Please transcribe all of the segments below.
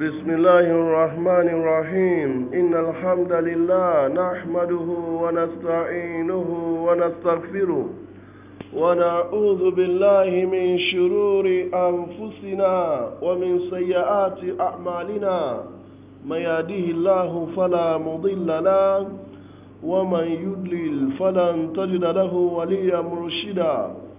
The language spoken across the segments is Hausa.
بسم الله الرحمن الرحيم إن الحمد لله نحمده ونستعينه ونستغفره ونعوذ بالله من شرور أنفسنا ومن سيئات أعمالنا من يهده الله فلا مضل له ومن يضلل فلن تجد له وليا مرشدا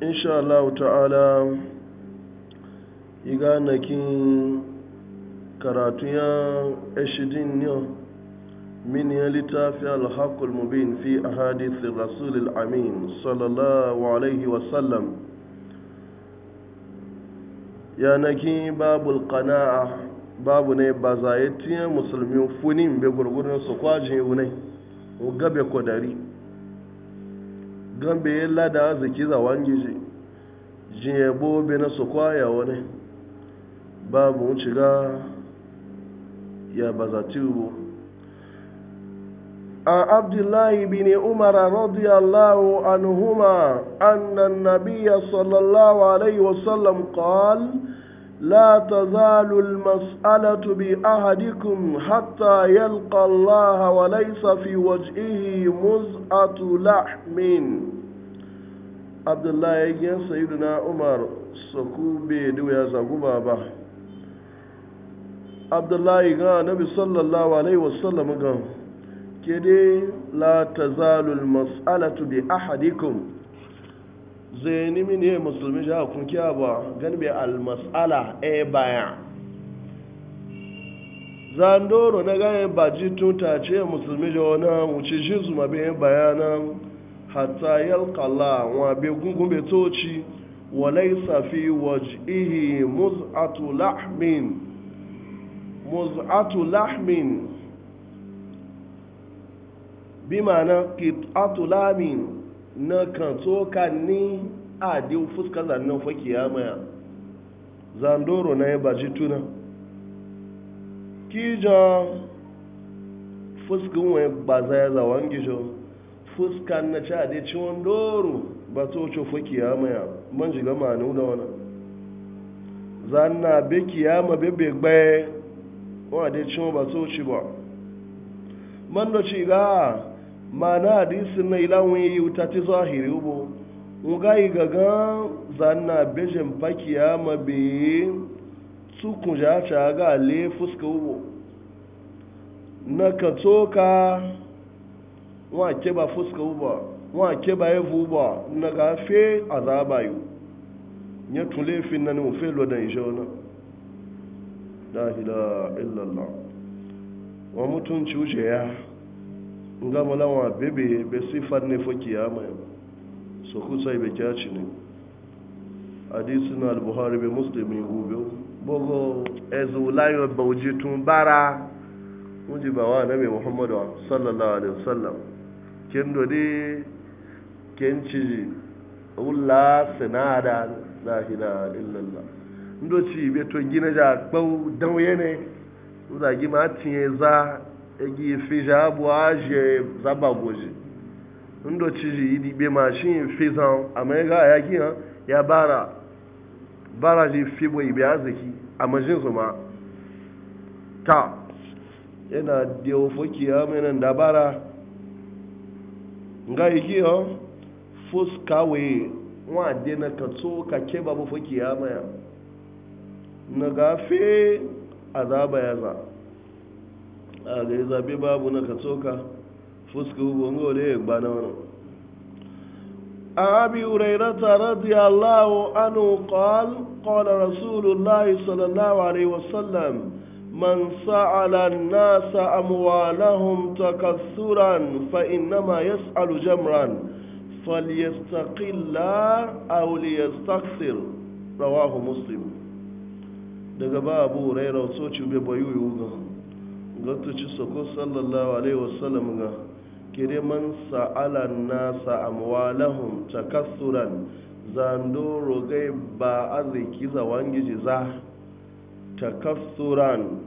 insha Allah ta'ala iganakin karatun ya ashidin ne min ya littafi alhaqul mubin fi hadithin rasulil amin sallallahu alaihi wasallam yanakin babul qana'a babu ne ba za yi tiyan musulmi funin bai gurgurin su kwajin wunai ne gabe kodari Gambe bai lada zaki za wangi ji jiye bobe na su kwaya wani babu wuce ga ya bazati ubu عن عبد الله بن عمر رضي الله عنهما أن النبي صلى الله عليه وسلم قال لا تزال المسألة بأحدكم حتى يلقى الله وليس في وجهه مزعة لحم عبد الله يجين سيدنا عمر سكوبي دويا زغوبا با عبد الله يغا النبي صلى الله عليه وسلم قال كده لا تزال المسألة بأحدكم zai n'i ne musulmi ja kun kiya ba ganbe almas'ala a e baya zandoro na gane baji ji tace musulmi ja wani wuce shi zuma be bayanan hatta yalkala wa be gungun be toci walaisa safi waj'ihi muz'atu lahmin muz'atu lahmin bi ma'ana na kan tsoka ni a diw fuska zannan fa kiyama ya zandoro na ya baji tuna kijan fuskin wani ba za ya zawon gijo fuska na ci a dai ciwon doro ba to ce fa kiyama ya man shiga manu da wani zanna be kiyama be be gbaye wani dai ciwon ba to ci ba man da ci ga mana hadisin na ilawun yi wuta ti zahiri ubo ngai gaga zanna bejin fakiya mabe tsukun ja ta ga le fuska ubo na ka tsoka wa ke ba fuska ubo wa ke ba yevu ubo na ga fe azaba yu nye tule fi na mu fe lo da jona la ilaha illallah wa mutunci wuce ya nga malawa bebe be si ne fa kiyama yau so ku sai be kyaci ne hadisi na al-buhari be muslim ne gobe bogo ezu layo bauji tun bara unji ba wa nabi muhammadu sallallahu alaihi wasallam ken do de ken ci ulla sanada la ilaha illallah ndo ci be to gina ja kpau dawo yene uza gima ma tiye za egi fi jabu aje zabagoji ndo chiji idi be machine fi zan amega ya kiya ya bara bara ji fi bo ibe azaki amajin zuma ta yana dewo foki ya menan da bara nga igi ikiyo kawe wa de na katso ka ke babu foki ya maya na gafe azaba ya za a zabe babu na katsoka fuska hubo ga ya gba na wani a abi uraira ta radiyallahu anu qal qala rasulullahi sallallahu alaihi wasallam man sa'ala an-nasa amwalahum takathuran fa innama yas'alu jamran falyastaqilla aw liyastaqsir rawahu muslim daga babu uraira so ci be bayu yugo lokaci soko sallallahu alaihi wasallam ga kire man sa'ala nasa amwalahum takassuran zando rogai ba arziki za wangiji za takassuran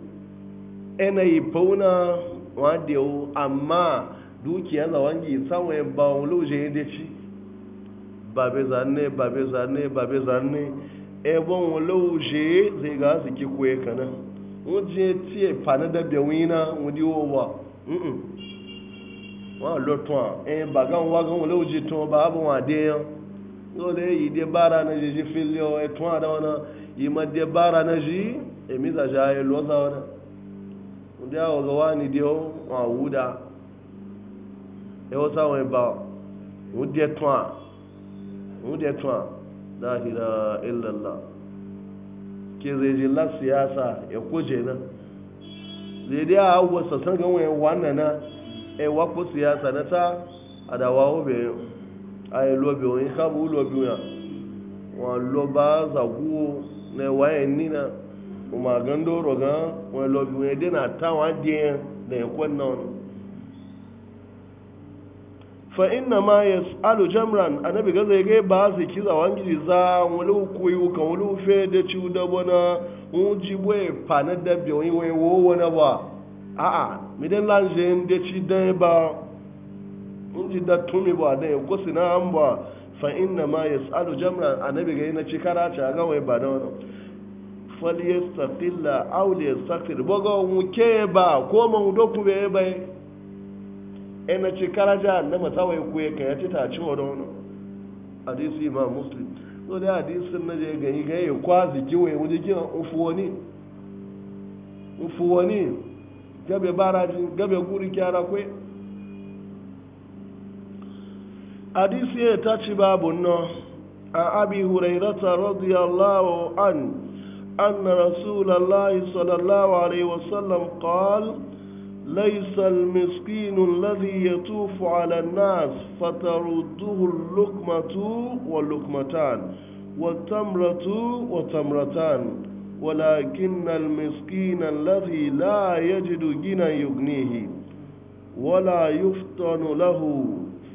ina yi fauna wadewo amma dukiya za wangi samun ba wani lojin yadda ci babe zane babe zane babe zane ebon uluje zai ga arziki kuwa kanan oje tie pana da bewina wudi wowa mm wọn lọ tún à ẹ bàgán wágán wọlé òjì tún ọba àbọ̀ wọn àdé yẹn lóòlẹ̀ yìí dé bára náà yìí fi lé ọ ẹtún àdá wọn náà yìí má dé bára náà yìí èmi zàjà wọn náà àwọn ọ̀gá wa ni ọ wọn àwù dá ẹ wọ́n sáwọn ẹ bá wọn dé tún à wọn dé tún à ke zai je la siyasa ya koje na zai dai a abuwa sassan gan wani wannan na e eh, wako siyasa na ta adawa obe a yi lobe wani kabu lobe ya wọn loba zagu na waye nina kuma gan doro gan wani lobe wani dai na ta wani da ya kwanna wani fa inna ma yas'alu jamran annabi gaza ya ba zai kiza wangi za wani koyo kan wani fe da ci da bona unji boye fana da bi wani wani ba a a midan lanje da ci da e ba unji da tumi ba da ko e sina an ba fa inna ma yas'alu jamran annabi ga yana cikara ta ga wai ba da wani falyastaqilla aw liyastaqir boga mu ke ba ko mu doku ya bai na ce kara jahannama tsawa ka ya ci ta ci wa ma muslim so da hadisin na je ya kwazi kiwa gabe baraji gabe guri kyara kwe hadisi ya ta ci babu nan a abi هريرة رضي الله عنه an رسول الله صلى الله ليس المسكين الذي يطوف على الناس فترده اللقمة واللقمتان والتمرة والتمرتان ولكن المسكين الذي لا يجد جنا يغنيه ولا يفتن له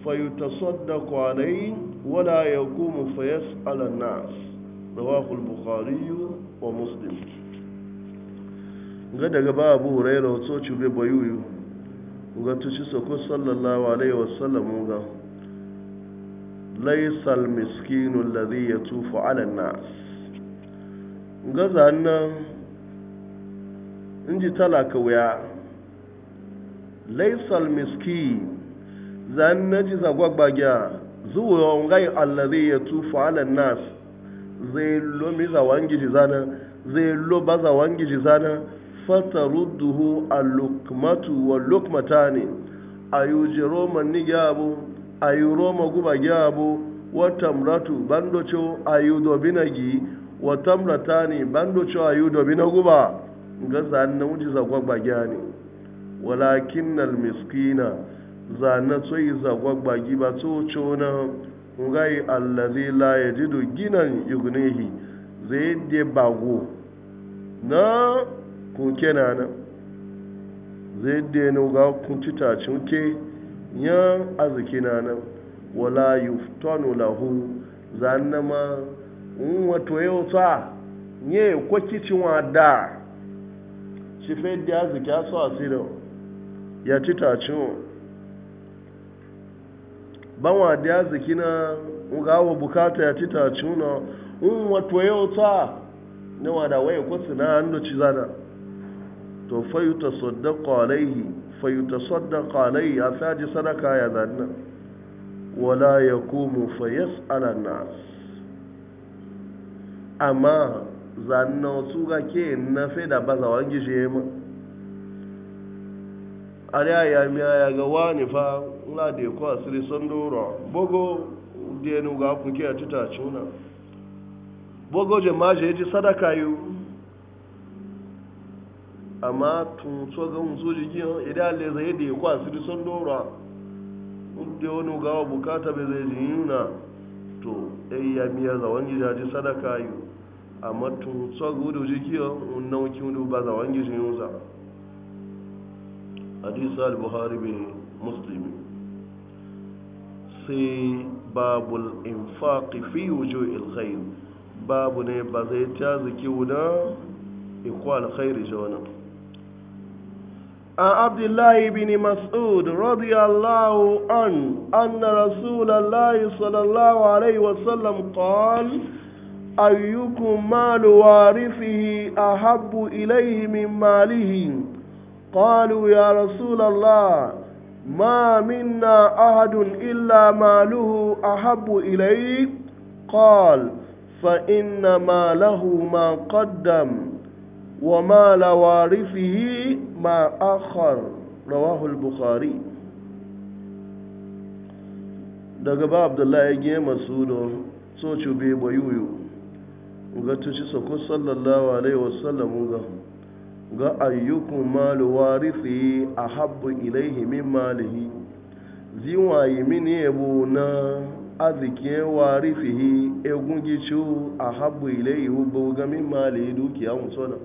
فيتصدق عليه ولا يقوم فيسأل الناس رواه البخاري ومسلم ga daga ba abu huraira wato cube bayuyu ga tuci sako sallallahu alaihi wasallam ga laisal miskinu alladhi yatufu ala nas ga zannan inji talaka wuya laisal miski zan naji zagwagbagya zuwa ngai alladhi yatufu ala nas zai lo mi zawangiji zana zai lo ba zawangiji zana fatarudduhu al-lukmatu wa lukmatani ayuje roma ni gyabo ayu roma guba gyabo wa tamratu bandocho ayu dobinagi wa tamratani bandocho ayu dobina guba ga zanna wuji zagwagba gyani walakin al-miskina zanna tsoyi gi ba tsocho na ngai allazi la yajidu ginan yugnihi zai de bago na kuke na nan zai dena ga kun tacin ke yan arziki na nan wala yuftanu lahu zanna ma in wato yau sa nye kwa kicin wada shi fadi da arziki a so asirin ya ci tacin banwa da arziki na gawo bukata ya ci tacin na in wato yau sa na wada waya kwa na hannu ci zana to fayuta ƙwalaihi, alaihi ta saddaqa alaihi a faji sadaka ya zanna wala ya komo fayas ala nas amma zanna wasu ga ke na fe da ba za wangi shi ma a ya miya ya ga wani fa la kowa ko asiri son doro bogo de nu ga kuke a tuta cuna bogo jama'a ma ji sadaka yu amma tun tsogon soji idan le zai da ya kwa da sun dora da wani gawa bukata bai zai ji yuna to ɗai ya miya za wani da ji sadaka yi amma tun tsogon da ji giyan na wanki wani ba za wani ji yunsa hadisa al-buhari bai muslimi sai babul infaqi fi wujuhil khair babu ne ba zai ta zaki wuda ikwal alkhairi jawanan عن عبد الله بن مسعود رضي الله عنه أن رسول الله صلى الله عليه وسلم قال أيكم مال وارثه أحب إليه من ماله قالوا يا رسول الله ما منا أحد إلا ماله أحب إليه قال فإن ماله ما قدم wa ma lawarisihi ma akhar rawahu bukhari daga ba abdullahi ya masu don so cube bayuyu ga tuci sako sallallahu alaihi wasallam ga ga ayyukun malu warisi a habbu ilaihi min malihi ziwayi mini yabo na arziki warisihi egungicu a habbu ilaihi hubbu ga min malihi dukiya musona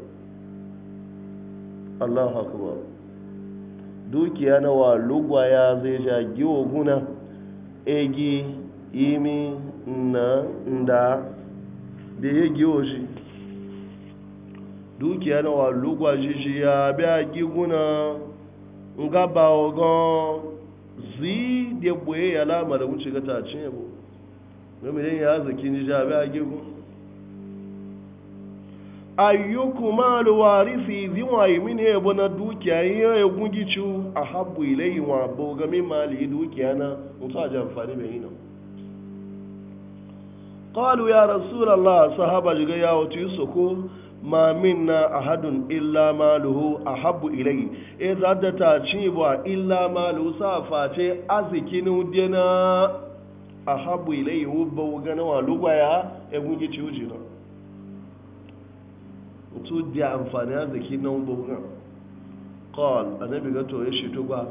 allahu akbar dukiya na wa lugwaya zai ja giwo guna egi imi na nda beye giwo shi dukiya na wa lugwa shi ya bia giguna nga ba ogon zi de boye ya lamara wuce ga ta cin yabo ya zaki ni ja bia gigun ayyuku malu warisi ziwaye mini yabo na dukiya yin ya gungi ciwo a habbu ilayi wa boga min mali dukiya na mutu a jamfani mai yinan qalu ya rasulallah sahaba jiga ya wato soko ma minna ahadun illa maluhu ahabbu ilayhi e zadda ta ci ba illa maluhu sa face azikin dena ahabbu ilayhi wo bawgana wa lugwaya e gungi ciwo jina mutu da amfani arziki na buga a na biga to ya shito ba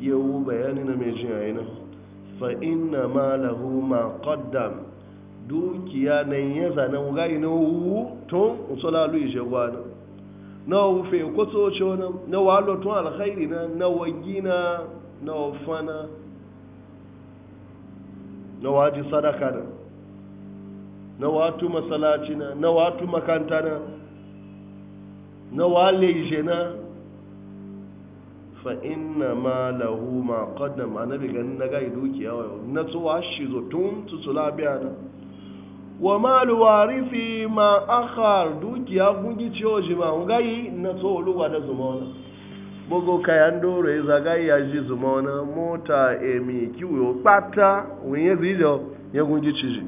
yawo bayani na mai jin yayin fa Fa'in ma lahu ma kodam dukiya na ya zanen wuga na wu tun usala lu je gwana na wufe kwaso so chona na walo to alkhairi na na wagina na ofana na waji sadaka na na watu masalacina na watu makantana na wale jena fa inna ma lahu ma qaddam annabi ganin na gai dukiya wayo na tsuwa shi zo tun tutsula biya na wa ma malu warifi ma akhar dukiya gungi o ji ma ngai na tso luwa da zuma wala bogo kayan dore ya zagai ya ji zuma wala mota e mi kiwo pata wenye zido ya gungi ya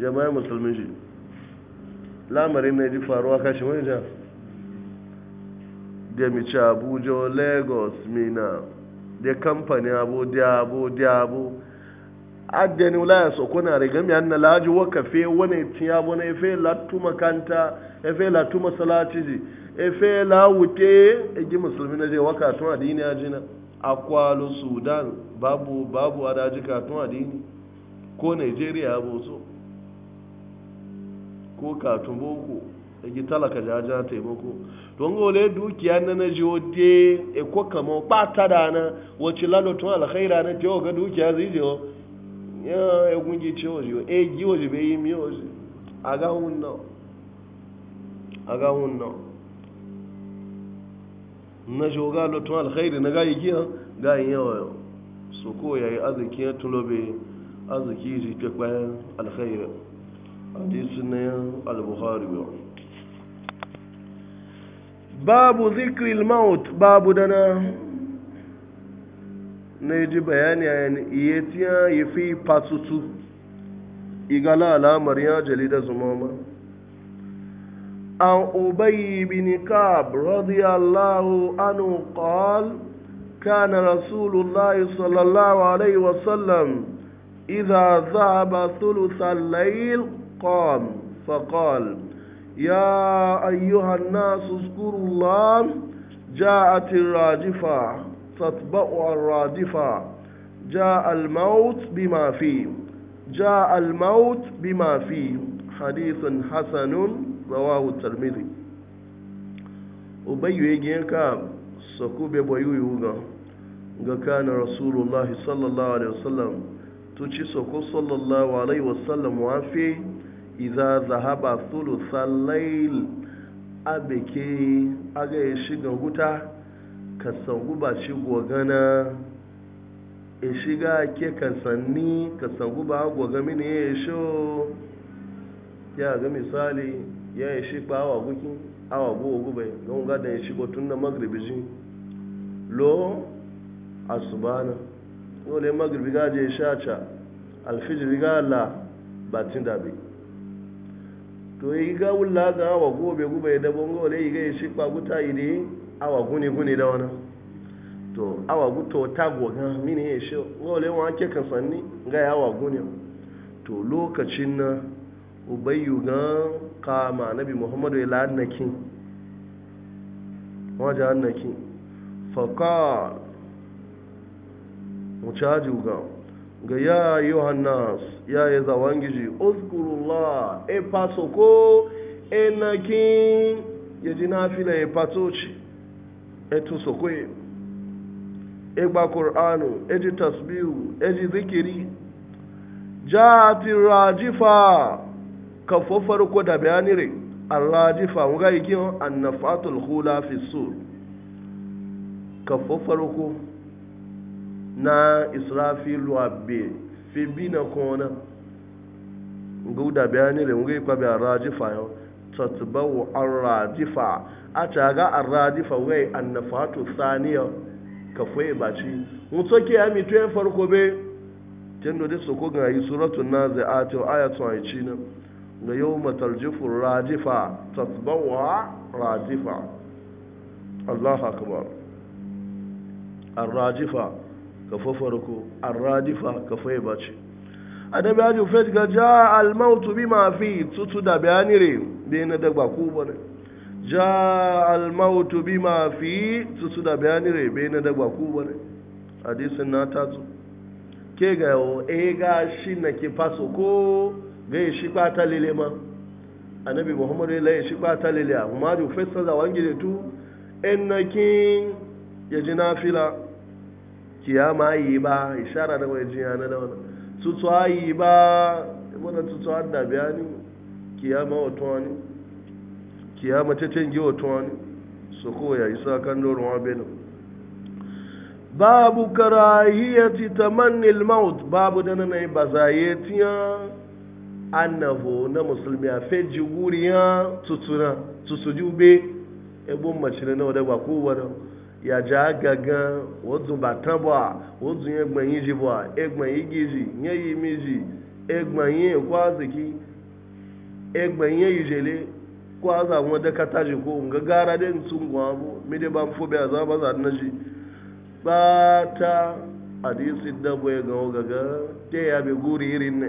jama'a musulmi ji lamarin na ji faruwa kashi wani ja da mici abuja lagos mina da kamfani abu da abu da wulaya so kuna riga mi anna laji waka fe wani tiya bona efe latu makanta efe latu masalaci ji efe lawute wute egi musulmi na je waka tun adini jina akwalo sudan babu babu adaji ka tun adini ko nigeria abu so ko katun boko da gi talaka jaja taimako don gole dukiya na na ji wode e ko kama bata da na wace lalotun alkhaira na tewa ga dukiya zai je ya e gungi ce waje e gi waje be yi mi waje a ga hunna a ga hunna na jo ga lotun alkhairi na ga yi giya ga yi yawa so ko yayi arziki ya tulobe arziki ji ke kwayan alkhairi hadisi na al babu zikril maut babu dana na ji bayani a iya tiya ya fi fasutu igala alamar ya jali da zumama an ubayi kab radiyallahu anhu qal كان رسول الله صلى الله عليه وسلم إذا ذهب ثلث الليل قام فقال يا أيها الناس اذكروا الله جاءت الراجفة تطبأ الراجفة جاء الموت بما فيه جاء الموت بما فيه حديث حسن رواه الترمذي ubayyu ya gina ka sako bai bayu yuga ga kana rasulullahi sallallahu alaihi wasallam tuci sako sallallahu alaihi wasallam wafe iza zahaba salail abe ke aga ya shiga wuta ka sangu ba shi gogana ya shiga ke kasanni ka sangu ba gogami mini ya yi sho ya ga misali ya yi shi ba awa guki awa gowa gube don gada ya shigo tun na magribi ji lo subana, dole magribi gaje ya sha ca alfijir ga la batin dabi to yi ga wula ga awa gobe gube da bongo ne yi ga yi shifa guta yi ne awa guni guni da wani to awa guto ta goga mini ya shi gole wa ke kan sanni ga ya awa guni to lokacin na ubayyu ga kama nabi muhammadu ya la'annaki wajen annaki fakar mu caji ga ga ya yohannas ya yi zawangiji uzkurullah e faso ko e nakin ya ji nafila ya fato ci e tuso kwe e gba kur'anu e ji tasbihu e ji zikiri ti rajifa ka fofar ko da bayanire arrajifa nga ikin annafatul hula fi sur ka fofar ko na israfilu fi bi na kona nga uda bayanire nga ikwa bi arrajifa yo tatbawu arrajifa a ta ga arrajifa wai annafatu thaniya ka foye baci mutu ke ya mitu ya farko be tendo de soko ga yi suratul a ayatu ci na ga yawma tarjifu rajifa tatbawu rajifa Allahu akbar arrajifa kafa farko arradifa kafa ya bace adabi ajo fet ga ja almautu bi ma fi tutu da bayani re da yana da ba ku bane ja almautu bi ma fi tutu da bayani re be na da ba ku bane hadisin na tatu ke ga yau e ga shi na ke faso ko ga shi ba ta lele ma annabi muhammadu la shi ba ta lele amma ajo fet sa da wangi da tu ennakin ya ji na fila kiyama yi ba ishara da mai jiya na dauna tutuwa yi ba wadda tutuwa da biya ni kiyama wato wani kiyama ta canji wato wani su koya isa kan doron wa benin babu ta manil maut babu da nanayi ba yi tiya annabo na musulmi a fe jiguriya tutuna jube ebon mace na da ba kowa da ya ji aga ga otu bata bụ a otu ihe gbanye ji bụ a egbanye gị ji nye ya ime ji egbanye kwazi gị egbanye ijele kwazi anwa dakata ji ko nga gara dị ntu ngwa bụ mide ba mfobe a zama za na ji bata adisi dabo ya ogaga te ya be guri irin ne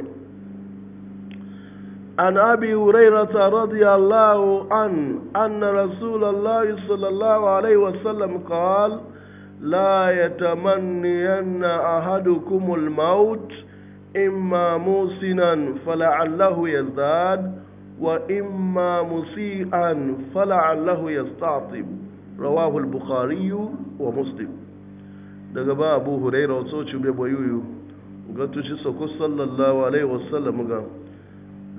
عن أبي هريرة رضي الله عنه أن رسول الله صلى الله عليه وسلم قال لا يتمنين أحدكم الموت إما موسنا فلعله يزداد وإما مسيئا فلعله يستعطب رواه البخاري ومسلم daga ba abu huraira wasu cibiyar bayuyu ga tushe sako sallallahu alaihi wasallam ga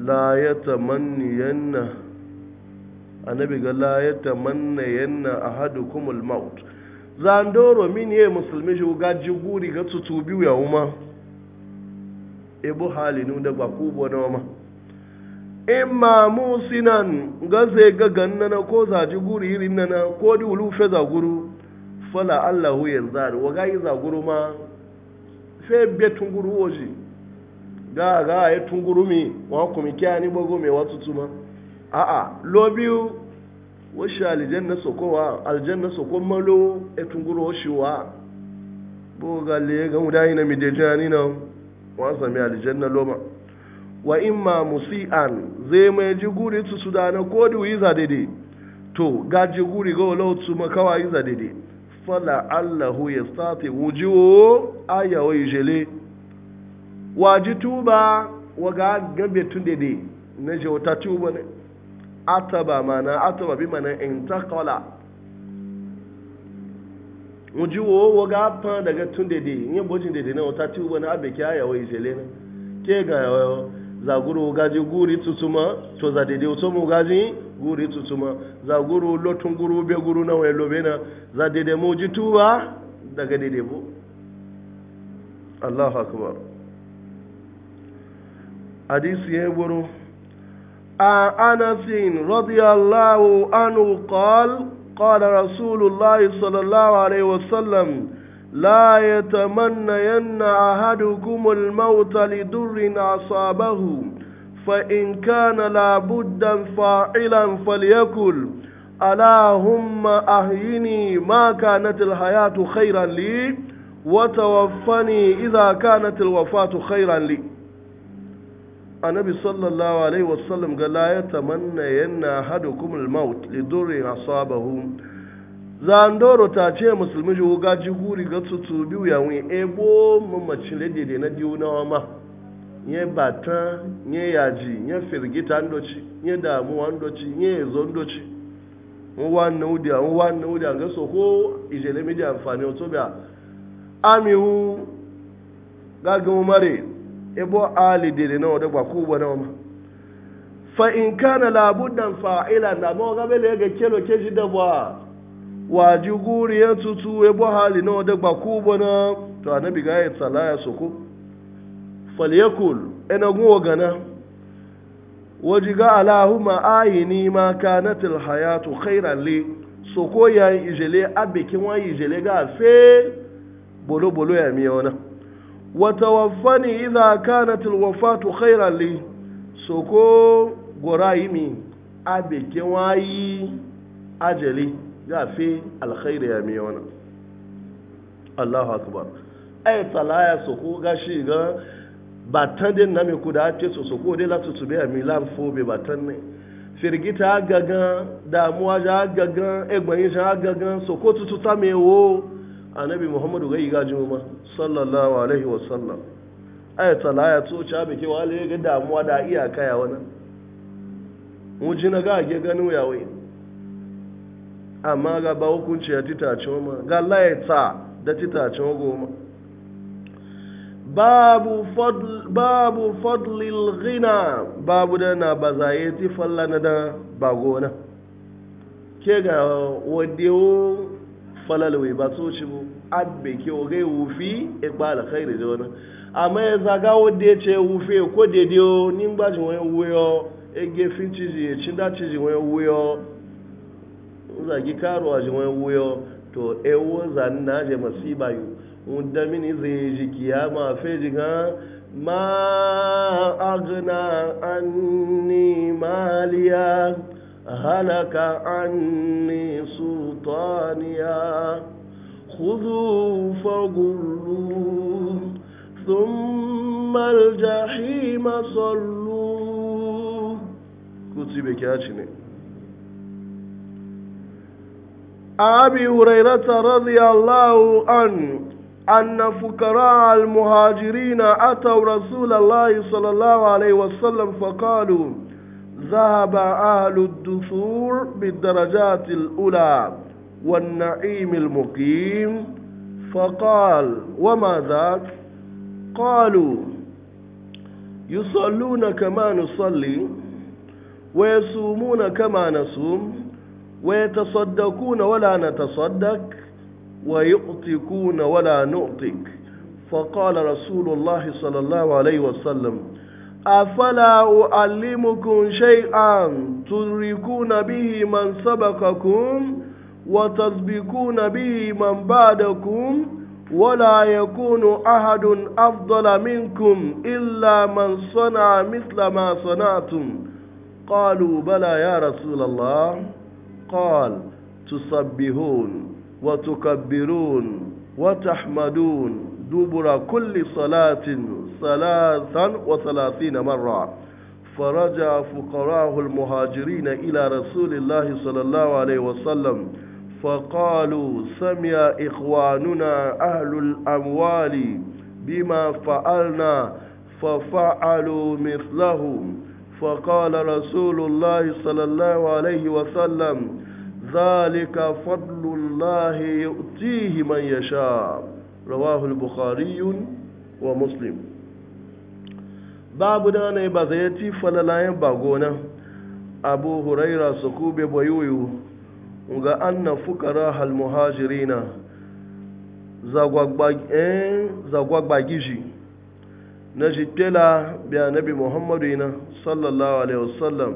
la ya tamanni yanna annabi ga la ya tamanna yanna hadu kumul maut zandoro min ye musulmi shi ga jiguri ga tutu biyu ya uma hali halinu da ba ku bo na ma imma musinan ga zai ga gannana ko za jiguri irin nana ko di ulu fe za guru fala allahu yanzar wa ga yi za guru ma fe betun guru oji ga a ya tungurumi wa kuma kiya ni bago mai watu tuma a'a lo biyu washi wa sokowa aljanna sokon malo ya e tunguru washi wa bo ga le ga mudai na midejani na wa sami na loma wa imma an zai mai ji guri su na ko da yi za daidai to ga ji guri ga wala su ma yi za daidai fala allahu yastati wujuhu ayawa yijele waji tuba wa ga gabe tun dede na wata tuba ne ataba mana ataba bi mana in takola wuji wo wa ga pan daga tun dede in yi bojin dede na wata tuba na abe kya yawa isele ne ke ga yawa zaguru gaji guri tutuma to za dede so mu gaji guri tutuma zaguru lotun guru be guru na wai lobe na za dede mu ji tuba daga dede bu Allahu akbar hadisi ya buru a anasin radiyallahu anhu qal qala rasulullahi sallallahu alaihi wasallam لا يتمنين أحدكم الموت لدر أصابه فإن كان لابدا فاعلا فليكل اللهم أهيني ما كانت الحياة خيرا لي وتوفني إذا كانت الوفاة خيرا لي annabi sallallahu alaihi wasallam ga la ya tamanna yanna hadukum al-maut li durri asabahu zandoro ta ce musulmi ji ga ji guri ga tutu biyu ya wi ebo mamacin ledede na diu na wama. nye bata nye yaji nye firgita ndoci nye damuwa ndoci nye ezo ndoci nwanne udia nwanne udia ga so ko ijele media amfani otobi a amihu gagun mare ebo ali dele na odo gba kubo na ma fa in kana la buddan fa'ila na mo ga bele ga kelo ke ji de bwa. wa ji ya tutu ebo hali na odo gba kubo na to annabi ga ya tsala ya soko falyakul ina gwo gana wajiga ga alahuma ayini ma kanatil hayatu khairan li soko ya ijele abekin wa ijele ga fe bolo bolo ya mi ona watawaffani idha kanat alwafatu khairan li soko a abe kewayi ajali ya fi alkhairi ya mi wannan Allahu akbar ay talaya soko gashi ga batan din nami kuda ce so soko dai latu tube ya mi lan fobe batan ne firgita gagan damuwa ja gagan egbayin ja gagan soko tutu ta tututa wo. annabi muhammadu gai gaji ma sallallahu alaihi wa sallam aya talaya to cha be ke wale ga damuwa da iya kaya wani ji na ga ge ganu ya wai amma ga ba hukunci ya titace ma ga laita da titace goma babu fadl babu fadlil ghina babu da na bazaye ti fallana da bagona ke ga wadewo falalwe ba so ci bu abbe ke o gai wufi e ba da khairi da wani amma ya zaga wadda de ce wufe ko daidai o ni ba ji wani wuyo e gefin ciji ya e cin da ciji wani wuyo zagi karo a ji wani wuyo to e wo zan na je masiba yu wanda mini zai ji kiyama fe ji ga ma agna anni maliya هلك عني سلطانيا خذوا فغلوا ثم الجحيم صلوا كتب كاتشني أبي هريرة رضي الله عنه أن فقراء المهاجرين أتوا رسول الله صلى الله عليه وسلم فقالوا ذهب أهل الدثور بالدرجات الأولى والنعيم المقيم فقال وما ذاك قالوا يصلون كما نصلي ويصومون كما نصوم ويتصدقون ولا نتصدق ويؤتكون ولا نؤتك فقال رسول الله صلى الله عليه وسلم أفلا أعلمكم شيئا تدركون به من سبقكم وتسبقون به من بعدكم ولا يكون أحد أفضل منكم إلا من صنع مثل ما صنعتم قالوا بلى يا رسول الله قال تسبحون وتكبرون وتحمدون دبر كل صلاة ثلاثا وثلاثين مرة فرجع فقراه المهاجرين إلى رسول الله صلى الله عليه وسلم فقالوا سمع إخواننا أهل الأموال بما فعلنا ففعلوا مثلهم فقال رسول الله صلى الله عليه وسلم ذلك فضل الله يؤتيه من يشاء رواه البخاري ومسلم babu da ne ba zai ci falalayen ba gona abu huraira su kube bayuyu ga anna fukara hal muhajirina zagwagbagishi eh, na jikela biya nabi muhammadu yana sallallahu alaihi wasallam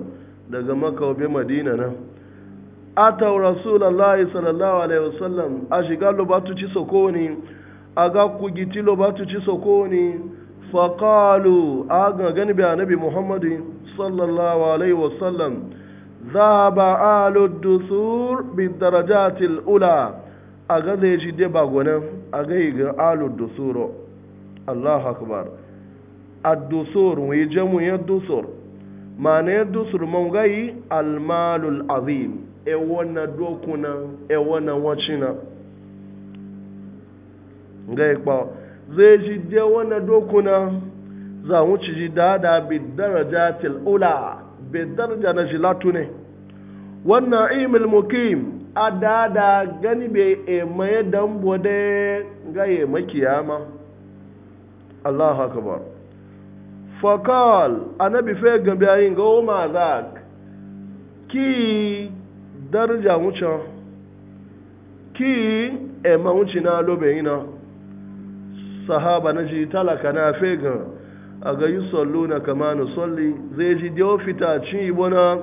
daga makaube madina na atau rasulallah sallallahu alaihi wasallam a shiga lobatuci sokoni a ga kugiti lobatuci sokoni faƙalu a gangan biya na bi muhammadu sallallahu alaihi wasallam za ba alu dusur bi darajatil ula a ga zai shi dai bagwane a ga yi ga alu dusuro allah akbar a dusur jamu ya dusur ma ya dusur man gai almalul azim a e wana dokuna e wana wacina zai ji da wannan dokuna za mu ci ji dada bi daraja tilula bi daraja na jilatu ne wannan imil mukim a dada gani bai emaye dambo ga gaye makiyama Allahu akbar fakal anabi fe gabe ayin ga o ma zak ki daraja wuce ki ema wuce na lobe ina sahaba na ji talaka na fega a ga yi sallu na kama na salli zai ji dio fita ci bona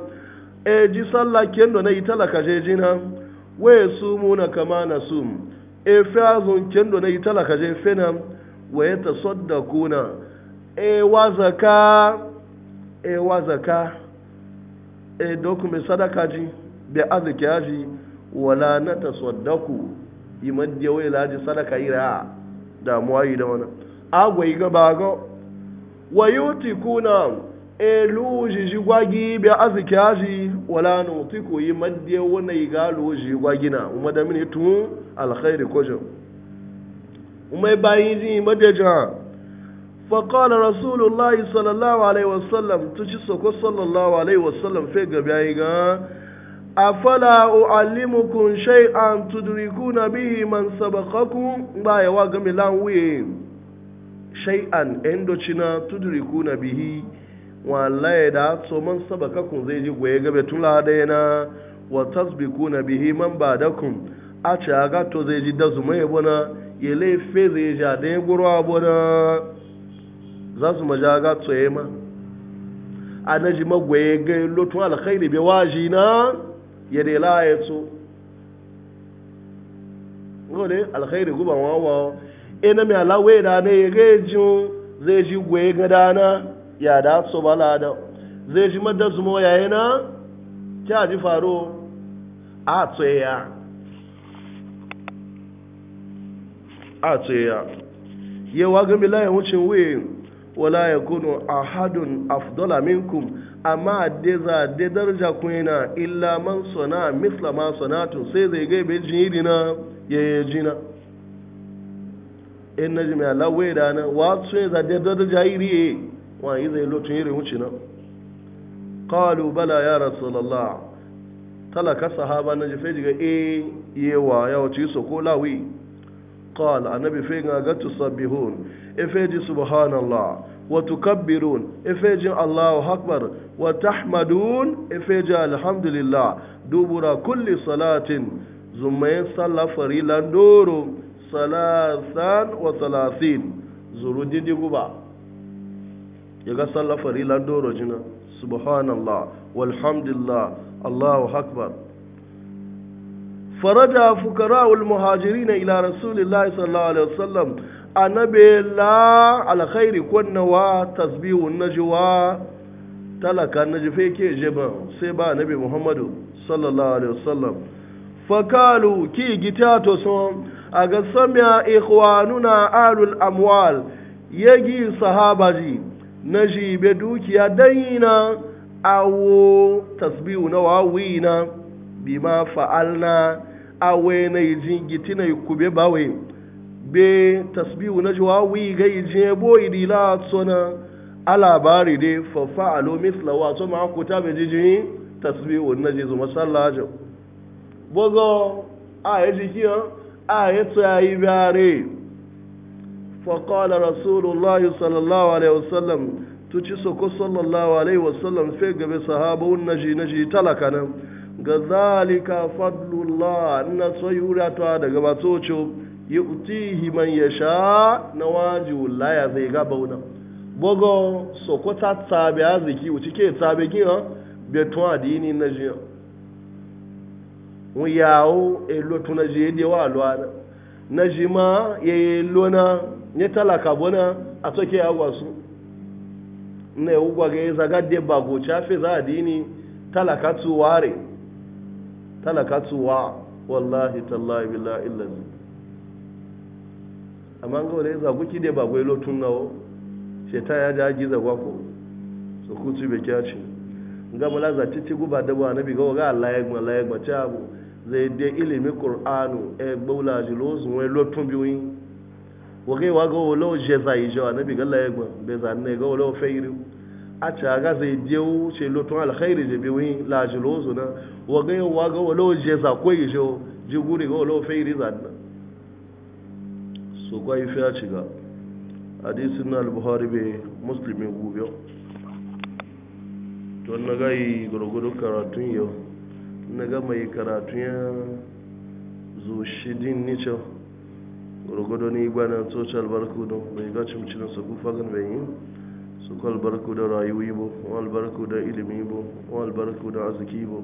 e ji sallah kendo na yi talaka je jina waye su mu na kama na sum e azun kendo na yi talaka je fena waye ta sadda kuna e wazaka e wazaka e dokume sadaka ji da arziki ya ji wala na ta ku yi madiya laji sadaka yi ra'a damuwa yi da wani agwai ga bago wa yuti kuna eluji jigwagi bi azikaji wala nutiku yi madde wona yi galo jigwagina uma da mini tun alkhair kojo uma bayi ji madde ja fa qala rasulullahi sallallahu alaihi wasallam ci soko sallallahu alaihi wasallam fe ga yi ga afala uallimukum shay'an tudrikuna bihi man sabaqakum ba ya wa gami lan wuye shay'an tuduriku tudrikuna bihi wallahi da so man sabaqakum zai ji goye gabe tula da yana wa tasbikuna bihi man ba'dakum a ce aga zai ji da zuma ya bona ya laife zai ji da ya guru abona za su maja aga ya ma a naji magwaye ga lotun alkhairi bai waji na ya dai la ya so ngole alkhairi guban wawa ina mai alawe da ne rejin zai ji gwe ga dana ya da so bala da zai ji madda zumo ya yana ta ji faro a tsoya a tsoya yawa ga layin wucin wuyin wala ya kunu a ahadun afdala minkum amma de za de darja kuna illa man sona misla ma sonatu sai zai gai bai jini na ya yi jina in najmi ala da na wa sai za de darja iri wa yi zai lotun iri wuce na kawalu bala ya rasulallah talaka sahaba na jefe jiga e eh, yewa ya wuce so ko lawi qala annabi fe ga gatu sabihun e fe ji subhanallah وتكبرون إفجع الله أكبر وتحمدون إفجع الحمد لله دبر كل صلاة ثم صلى فريلا دور صلاه وثلاثين زرود دي غبا يغا صلى فريلا دور جنا سبحان الله والحمد لله الله أكبر فرجع فقراء المهاجرين إلى رسول الله صلى الله عليه وسلم annabe la alkhairi kunnawa tasbihu najwa talaka najfe ke jeba sai ba annabi muhammadu sallallahu alaihi wasallam fakalu ki gita to son a ga samya ikhwanuna alul amwal yagi sahabaji naji be dukiya dayina awo tasbihu na wawina bima fa'alna awe na yijin gitina kube bawe be tasbihu na jiwa wi ga ije boyi di la tsona alabari de fa fa'alu mithla wa to ma ko ta be jiji tasbihu na zo masallajo bogo a yaji an a yato ayi bare fa qala rasulullahi sallallahu alaihi wasallam so ko sallallahu alaihi wasallam fe gabe un naji naji talaka nan ga zalika fadlullah na soyura to daga batocho yi man sha na waju laya zai ga bauna bogo sokota a ziki, wuce ke tabi gina ha adini na jiya wun yawo elu tun na jiya, dewa de na na ji na ya yi lona ya talaka bona a toke agwa su yi ugwa ya zaga de bago cafe za adini talaka tuware talaka tuwa wallahi tallahi billahi illazi amma ga wani zagu ki da ba gwai lotun nawo ta ya ja giza gwako su kutu bai kya ce ga mala za ci ci guba da ba nabi ga e ga Allah ya gma Allah ya gma ci abu zai da ilimi qur'anu e gbawla jilo su wai lotun biyu wa ga wa ga wala je zai je nabi ga Allah ya gma be za ne ga wala fairu a ci ga zai je wu ce lotun alkhairi je biyu la jilo su na wa ga wa ga wala je za koyi je jiguri ga wala fairu za na so kwayi fiya shiga hadisin na al-buhari bai musulmi gobe to na gayi gwargwado karatun yau na ga mai karatun ya zo shidin nicin gwargwado ni gbanin tsoci albarku don mai ga cinan su gufa gan bai yi su kwa albarku da rayuwa ibo kwa albarku da ilimi ibo kwa albarku da arziki ibo